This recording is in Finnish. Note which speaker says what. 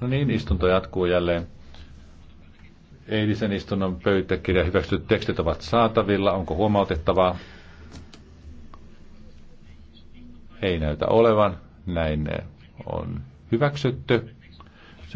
Speaker 1: No niin, istunto jatkuu jälleen. Eilisen istunnon pöytäkirja hyväksytyt tekstit ovat saatavilla. Onko huomautettavaa? Ei näytä olevan. Näin on hyväksytty.